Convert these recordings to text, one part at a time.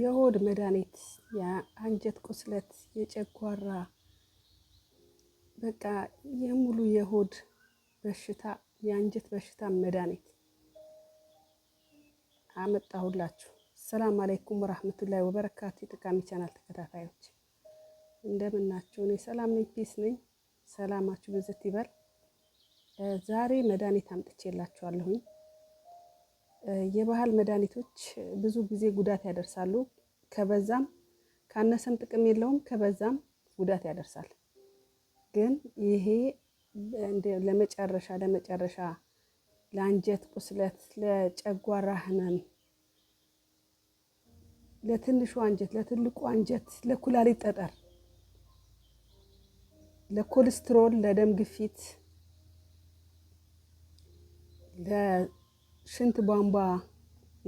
የሆድ መድኃኒት፣ የአንጀት ቁስለት፣ የጨጓራ በቃ የሙሉ የሆድ በሽታ የአንጀት በሽታ መድኃኒት አመጣሁላችሁ። ሰላም አለይኩም ወራህመቱላሂ ወበረካቱ። የጠቃሚ ቻናል ተከታታዮች እንደምናችሁ? እኔ ሰላም ነኝ፣ ፒስ ነኝ። ሰላማችሁ ብዝት ይበል። ዛሬ መድኃኒት አምጥቼላችኋለሁኝ። የባህል መድኃኒቶች ብዙ ጊዜ ጉዳት ያደርሳሉ። ከበዛም ካነሰም ጥቅም የለውም፣ ከበዛም ጉዳት ያደርሳል። ግን ይሄ ለመጨረሻ ለመጨረሻ ለአንጀት ቁስለት፣ ለጨጓራ ህመም፣ ለትንሹ አንጀት፣ ለትልቁ አንጀት፣ ለኩላሊት ጠጠር፣ ለኮሌስትሮል፣ ለደም ግፊት ሽንት ቧንቧ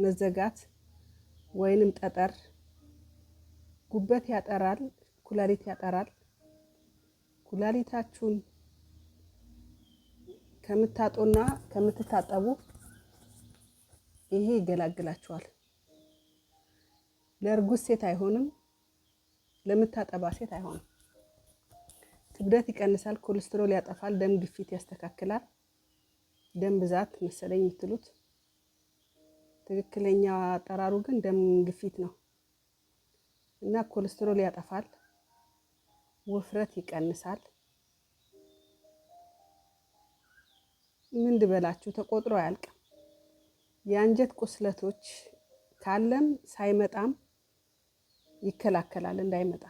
መዘጋት ወይንም ጠጠር ጉበት ያጠራል፣ ኩላሊት ያጠራል። ኩላሊታችሁን ከምታጡና ከምትታጠቡ ይሄ ይገላግላችኋል። ለእርጉዝ ሴት አይሆንም፣ ለምታጠባ ሴት አይሆንም። ክብደት ይቀንሳል፣ ኮሌስትሮል ያጠፋል፣ ደም ግፊት ያስተካክላል። ደም ብዛት መሰለኝ የምትሉት ትክክለኛ አጠራሩ ግን ደም ግፊት ነው እና ኮሌስትሮል ያጠፋል፣ ውፍረት ይቀንሳል። ምን ልበላችሁ ተቆጥሮ አያልቅም። የአንጀት ቁስለቶች ካለም ሳይመጣም ይከላከላል እንዳይመጣ፣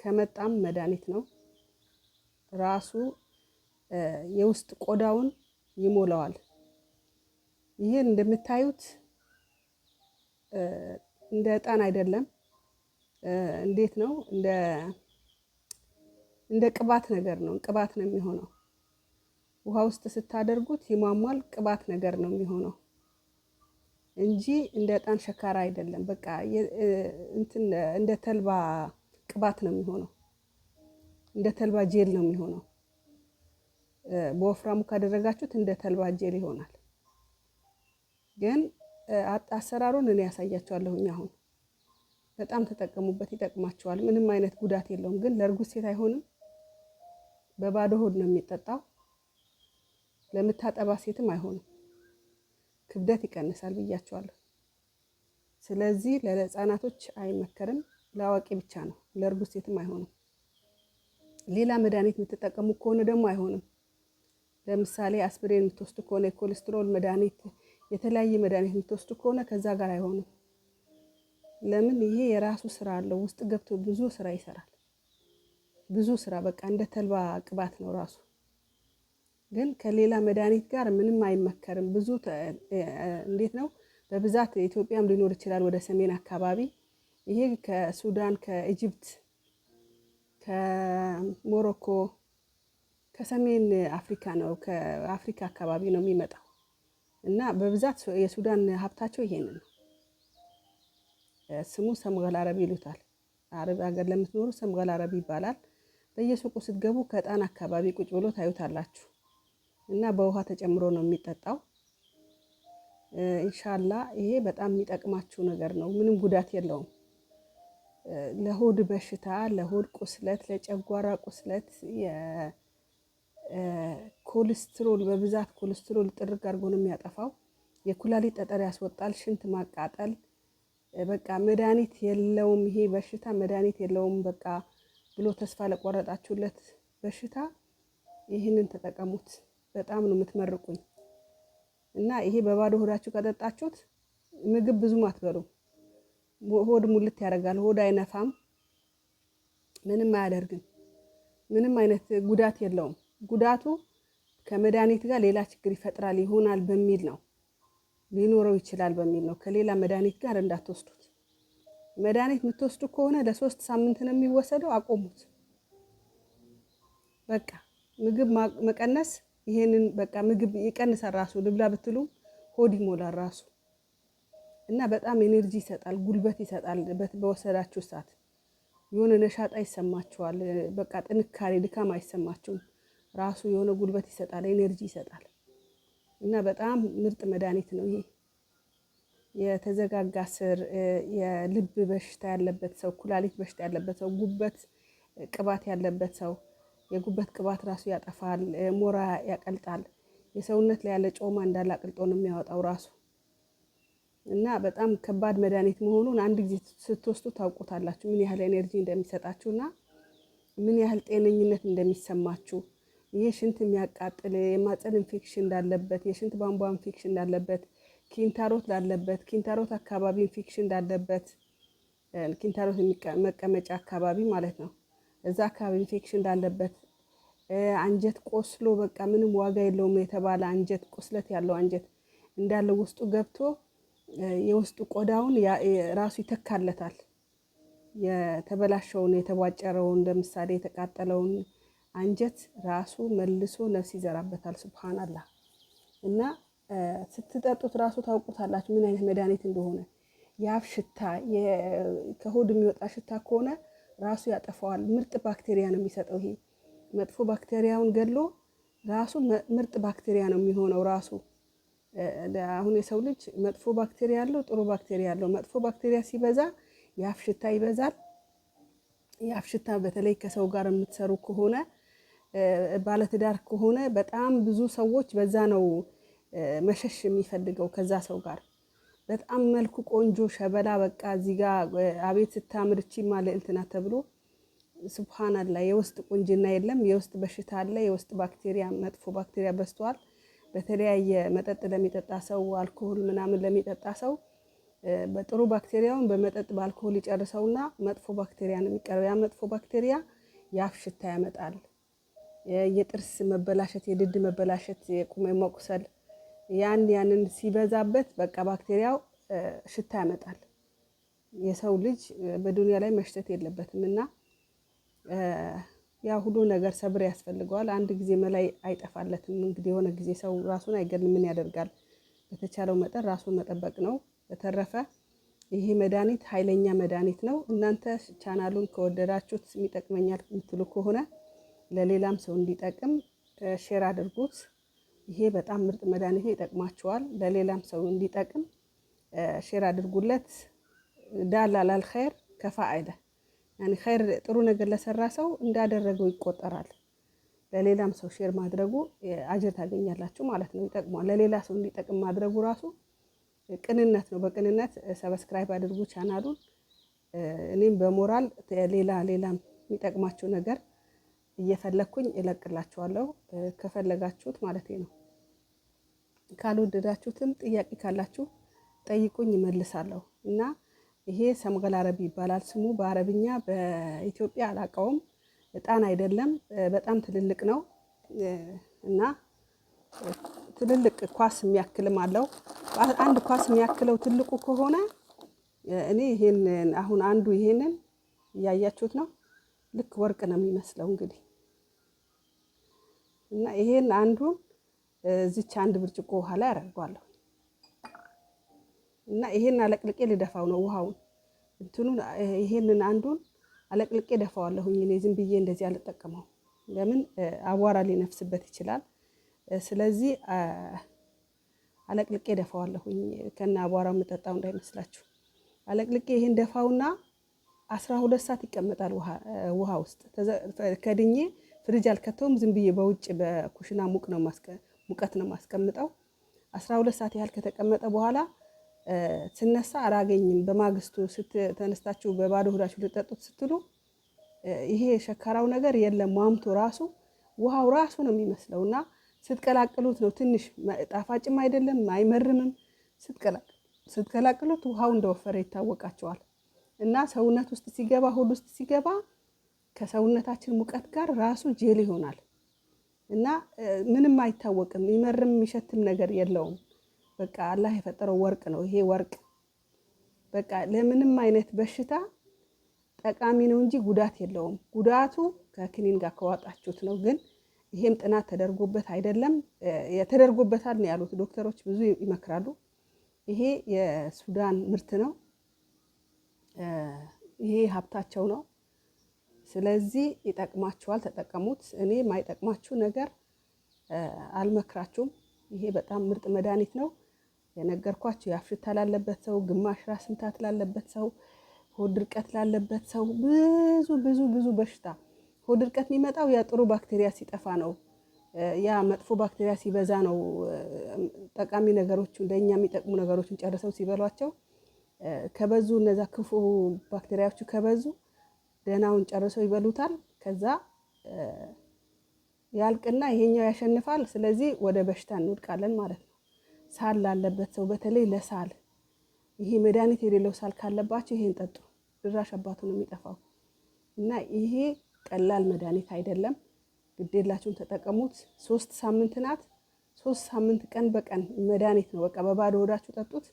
ከመጣም መድኃኒት ነው ራሱ የውስጥ ቆዳውን ይሞላዋል። ይህን እንደምታዩት እንደ እጣን አይደለም። እንዴት ነው? እንደ እንደ ቅባት ነገር ነው። ቅባት ነው የሚሆነው። ውሃ ውስጥ ስታደርጉት ይሟሟል። ቅባት ነገር ነው የሚሆነው እንጂ እንደ እጣን ሸካራ አይደለም። በቃ እንትን እንደ ተልባ ቅባት ነው የሚሆነው። እንደ ተልባ ጄል ነው የሚሆነው። በወፍራሙ ካደረጋችሁት እንደ ተልባ ጄል ይሆናል። ግን አሰራሩን እኔ ያሳያቸዋለሁኝ። አሁን በጣም ተጠቀሙበት፣ ይጠቅማቸዋል። ምንም አይነት ጉዳት የለውም። ግን ለእርጉዝ ሴት አይሆንም። በባዶ ሆድ ነው የሚጠጣው። ለምታጠባ ሴትም አይሆንም። ክብደት ይቀንሳል ብያቸዋለሁ። ስለዚህ ለህፃናቶች አይመከርም። ለአዋቂ ብቻ ነው። ለእርጉዝ ሴትም አይሆንም። ሌላ መድኃኒት የምትጠቀሙ ከሆነ ደግሞ አይሆንም። ለምሳሌ አስፕሬን የምትወስዱ ከሆነ የኮሌስትሮል መድኃኒት የተለያየ መድኃኒት የምትወስዱ ከሆነ ከዛ ጋር አይሆንም። ለምን ይሄ የራሱ ስራ አለው። ውስጥ ገብቶ ብዙ ስራ ይሰራል። ብዙ ስራ በቃ እንደ ተልባ ቅባት ነው ራሱ። ግን ከሌላ መድኃኒት ጋር ምንም አይመከርም። ብዙ እንዴት ነው በብዛት ኢትዮጵያም ሊኖር ይችላል ወደ ሰሜን አካባቢ ይሄ ከሱዳን፣ ከኢጅፕት፣ ከሞሮኮ፣ ከሰሜን አፍሪካ ነው ከአፍሪካ አካባቢ ነው የሚመጣው። እና በብዛት የሱዳን ሀብታቸው ይሄንን ነው። ስሙ ሰምገል አረብ ይሉታል። አረብ ሀገር ለምትኖሩ ሰምገል አረብ ይባላል። በየሱቁ ስትገቡ ከእጣን አካባቢ ቁጭ ብሎ ታዩታላችሁ። እና በውሃ ተጨምሮ ነው የሚጠጣው። ኢንሻላ ይሄ በጣም የሚጠቅማችሁ ነገር ነው። ምንም ጉዳት የለውም። ለሆድ በሽታ፣ ለሆድ ቁስለት፣ ለጨጓራ ቁስለት ኮሌስትሮል በብዛት ኮሌስትሮል ጥርግ አድርጎ ነው የሚያጠፋው። የኩላሊት ጠጠር ያስወጣል። ሽንት ማቃጠል በቃ መድኃኒት የለውም ይሄ በሽታ መድኃኒት የለውም በቃ ብሎ ተስፋ ለቆረጣችሁለት በሽታ ይህንን ተጠቀሙት። በጣም ነው የምትመርቁኝ። እና ይሄ በባዶ ሆዳችሁ ከጠጣችሁት ምግብ ብዙም አትበሉም። ሆድ ሙልት ያደርጋል። ሆድ አይነፋም። ምንም አያደርግም። ምንም አይነት ጉዳት የለውም። ጉዳቱ ከመድኃኒት ጋር ሌላ ችግር ይፈጥራል ይሆናል በሚል ነው ሊኖረው ይችላል በሚል ነው። ከሌላ መድኃኒት ጋር እንዳትወስዱት። መድኃኒት የምትወስዱ ከሆነ ለሶስት ሳምንት ነው የሚወሰደው፣ አቆሙት። በቃ ምግብ መቀነስ ይሄንን በቃ ምግብ ይቀንሳል ራሱ ልብላ ብትሉ ሆድ ይሞላል ራሱ እና በጣም ኤኔርጂ ይሰጣል፣ ጉልበት ይሰጣል። በወሰዳችሁ ሰዓት የሆነ ነሻጣ ይሰማችኋል። በቃ ጥንካሬ፣ ድካም አይሰማችሁም። ራሱ የሆነ ጉልበት ይሰጣል፣ ኤነርጂ ይሰጣል እና በጣም ምርጥ መድኃኒት ነው ይሄ። የተዘጋጋ ስር፣ የልብ በሽታ ያለበት ሰው፣ ኩላሊት በሽታ ያለበት ሰው፣ ጉበት ቅባት ያለበት ሰው የጉበት ቅባት ራሱ ያጠፋል፣ ሞራ ያቀልጣል። የሰውነት ላይ ያለ ጮማ እንዳለ አቅልጦ ነው የሚያወጣው ራሱ እና በጣም ከባድ መድኃኒት መሆኑን አንድ ጊዜ ስትወስዱ ታውቁታላችሁ፣ ምን ያህል ኤነርጂ እንደሚሰጣችሁ እና ምን ያህል ጤነኝነት እንደሚሰማችሁ ይህ ሽንት የሚያቃጥል የማፀን ኢንፌክሽን እንዳለበት፣ የሽንት ቧንቧ ኢንፌክሽን እንዳለበት፣ ኪንታሮት ላለበት፣ ኪንታሮት አካባቢ ኢንፌክሽን እንዳለበት፣ ኪንታሮት መቀመጫ አካባቢ ማለት ነው። እዛ አካባቢ ኢንፌክሽን እንዳለበት፣ አንጀት ቆስሎ በቃ ምንም ዋጋ የለውም የተባለ አንጀት ቁስለት ያለው አንጀት እንዳለ ውስጡ ገብቶ የውስጡ ቆዳውን ራሱ ይተካለታል። የተበላሸውን የተቧጨረውን ለምሳሌ የተቃጠለውን አንጀት ራሱ መልሶ ነፍስ ይዘራበታል። ስብሃን አላህ እና ስትጠጡት ራሱ ታውቁታላችሁ ምን አይነት መድኃኒት እንደሆነ። የአፍ ሽታ ከሆድ የሚወጣ ሽታ ከሆነ ራሱ ያጠፋዋል። ምርጥ ባክቴሪያ ነው የሚሰጠው። ይሄ መጥፎ ባክቴሪያውን ገሎ ራሱ ምርጥ ባክቴሪያ ነው የሚሆነው። ራሱ አሁን የሰው ልጅ መጥፎ ባክቴሪያ አለው፣ ጥሩ ባክቴሪያ አለው። መጥፎ ባክቴሪያ ሲበዛ የአፍ ሽታ ይበዛል። የአፍ ሽታ በተለይ ከሰው ጋር የምትሰሩ ከሆነ ባለትዳር ከሆነ በጣም ብዙ ሰዎች በዛ ነው መሸሽ የሚፈልገው ከዛ ሰው ጋር በጣም መልኩ ቆንጆ ሸበላ በቃ እዚህ ጋ አቤት ስታምርቺ ማለእልትና ተብሎ ስብሓናላ የውስጥ ቁንጅና የለም። የውስጥ በሽታ አለ። የውስጥ ባክቴሪያ፣ መጥፎ ባክቴሪያ በስተዋል በተለያየ መጠጥ ለሚጠጣ ሰው አልኮሆል ምናምን ለሚጠጣ ሰው በጥሩ ባክቴሪያውን በመጠጥ በአልኮሆል ይጨርሰውና መጥፎ ባክቴሪያ ነው የሚቀረው። ያ መጥፎ ባክቴሪያ የአፍ ሽታ ያመጣል። የጥርስ መበላሸት፣ የድድ መበላሸት፣ የቁመ መቁሰል ያን ያንን ሲበዛበት በቃ ባክቴሪያው ሽታ ያመጣል። የሰው ልጅ በዱንያ ላይ መሽተት የለበትም እና ያ ሁሉ ነገር ሰብር ያስፈልገዋል። አንድ ጊዜ መላይ አይጠፋለትም። እንግዲህ የሆነ ጊዜ ሰው ራሱን አይገድም፣ ምን ያደርጋል? በተቻለው መጠን ራሱን መጠበቅ ነው። በተረፈ ይሄ መድኃኒት ኃይለኛ መድኃኒት ነው። እናንተ ቻናሉን ከወደዳችሁት ይጠቅመኛል የምትሉ ከሆነ ለሌላም ሰው እንዲጠቅም ሼር አድርጉት። ይሄ በጣም ምርጥ መድኃኒት ይጠቅማቸዋል። ለሌላም ሰው እንዲጠቅም ሼር አድርጉለት። ዳላላል አላል ከፋ ከፋአይለ ያኒ ኸይር ጥሩ ነገር ለሰራ ሰው እንዳደረገው ይቆጠራል። ለሌላም ሰው ሼር ማድረጉ አጀር ታገኛላችሁ ማለት ነው። ይጠቅሟል። ለሌላ ሰው እንዲጠቅም ማድረጉ ራሱ ቅንነት ነው። በቅንነት ሰብስክራይብ አድርጉ ቻናሉን። እኔም በሞራል ሌላ ሌላም የሚጠቅማቸው ነገር እየፈለግኩኝ እለቅላችኋለሁ ከፈለጋችሁት ማለት ነው። ካልወደዳችሁትም ጥያቄ ካላችሁ ጠይቁኝ እመልሳለሁ እና ይሄ ሰምገል አረቢ ይባላል ስሙ። በአረብኛ በኢትዮጵያ አላቀውም እጣን አይደለም፣ በጣም ትልልቅ ነው እና ትልልቅ ኳስ የሚያክልም አለው። አንድ ኳስ የሚያክለው ትልቁ ከሆነ እኔ ይሄን አሁን አንዱ ይሄንን እያያችሁት ነው። ልክ ወርቅ ነው የሚመስለው እንግዲህ እና ይሄን አንዱን እዚች አንድ ብርጭቆ ውሃ ላይ አደርገዋለሁ እና ይሄን አለቅልቄ ልደፋው ነው ውሃውን እንትኑን ይሄንን አንዱን አለቅልቄ ደፋዋለሁኝ። እኔ ዝም ብዬ እንደዚህ አልጠቀመው፣ ለምን አቧራ ሊነፍስበት ይችላል። ስለዚህ አለቅልቄ ደፋዋለሁኝ ከነ አቧራው የምጠጣው እንዳይመስላችሁ። አለቅልቄ ይሄን ደፋውና አስራ ሁለት ሰዓት ይቀመጣል ውሃ ውስጥ ከድኜ ፍሪጅ አልከተውም። ዝም ብዬ በውጭ በኩሽና ሙቅ ነው ሙቀት ነው ማስቀምጠው። አስራ ሁለት ሰዓት ያህል ከተቀመጠ በኋላ ስነሳ አላገኝም። በማግስቱ ተነስታችሁ በባዶ ሆዳችሁ ልጠጡት ስትሉ ይሄ ሸካራው ነገር የለም። ዋምቶ ራሱ ውሃው ራሱ ነው የሚመስለው እና ስትቀላቅሉት ነው ትንሽ ጣፋጭም አይደለም አይመርምም። ስትቀላቅሉት ውሃው እንደወፈረ ይታወቃቸዋል እና ሰውነት ውስጥ ሲገባ ሆድ ውስጥ ሲገባ ከሰውነታችን ሙቀት ጋር ራሱ ጄል ይሆናል እና ምንም አይታወቅም። ይመርም የሚሸትም ነገር የለውም። በቃ አላህ የፈጠረው ወርቅ ነው። ይሄ ወርቅ በቃ ለምንም አይነት በሽታ ጠቃሚ ነው እንጂ ጉዳት የለውም። ጉዳቱ ከክኒን ጋር ከዋጣችሁት ነው። ግን ይሄም ጥናት ተደርጎበት አይደለም ተደርጎበታል ነው ያሉት ዶክተሮች፣ ብዙ ይመክራሉ። ይሄ የሱዳን ምርት ነው። ይሄ ሀብታቸው ነው። ስለዚህ ይጠቅማችኋል፣ ተጠቀሙት። እኔ የማይጠቅማችሁ ነገር አልመክራችሁም። ይሄ በጣም ምርጥ መድኃኒት ነው የነገርኳችሁ። የአፍሽታ ላለበት ሰው፣ ግማሽ ራስ ምታት ላለበት ሰው፣ ሆድ ድርቀት ላለበት ሰው፣ ብዙ ብዙ ብዙ በሽታ ሆድ ድርቀት የሚመጣው ያ ጥሩ ባክቴሪያ ሲጠፋ ነው። ያ መጥፎ ባክቴሪያ ሲበዛ ነው። ጠቃሚ ነገሮቹ ለእኛ የሚጠቅሙ ነገሮችን ጨርሰው ሲበሏቸው ከበዙ እነዛ ክፉ ባክቴሪያዎቹ ከበዙ ደህናውን ጨርሶ ይበሉታል። ከዛ ያልቅና ይሄኛው ያሸንፋል። ስለዚህ ወደ በሽታ እንወድቃለን ማለት ነው። ሳል ላለበት ሰው በተለይ ለሳል ይሄ መድኃኒት የሌለው ሳል ካለባቸው ይሄን ጠጡ። ድራሽ አባቱ ነው የሚጠፋው እና ይሄ ቀላል መድኃኒት አይደለም። ግዴላችሁን ተጠቀሙት። ሶስት ሳምንት ናት። ሶስት ሳምንት ቀን በቀን መድኃኒት ነው። በቃ በባዶ ሆዳችሁ ጠጡት።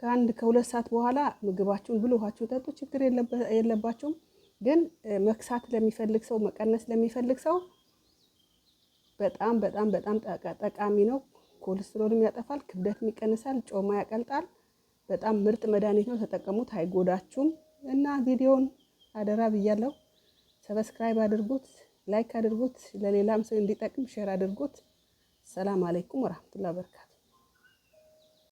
ከአንድ ከሁለት ሰዓት በኋላ ምግባችሁን ብሎ ውሃችሁን ጠጡ። ችግር የለባቸውም። ግን መክሳት ለሚፈልግ ሰው መቀነስ ለሚፈልግ ሰው በጣም በጣም በጣም ጠቃሚ ነው። ኮሌስትሮልም ያጠፋል፣ ክብደትም ይቀንሳል፣ ጮማ ያቀልጣል። በጣም ምርጥ መድኃኒት ነው። ተጠቀሙት፣ አይጎዳችሁም። እና ቪዲዮውን አደራ ብያለሁ። ሰብስክራይብ አድርጉት፣ ላይክ አድርጉት፣ ለሌላም ሰው እንዲጠቅም ሼር አድርጉት። ሰላም አለይኩም ወራህመቱላሂ ወበረካቱ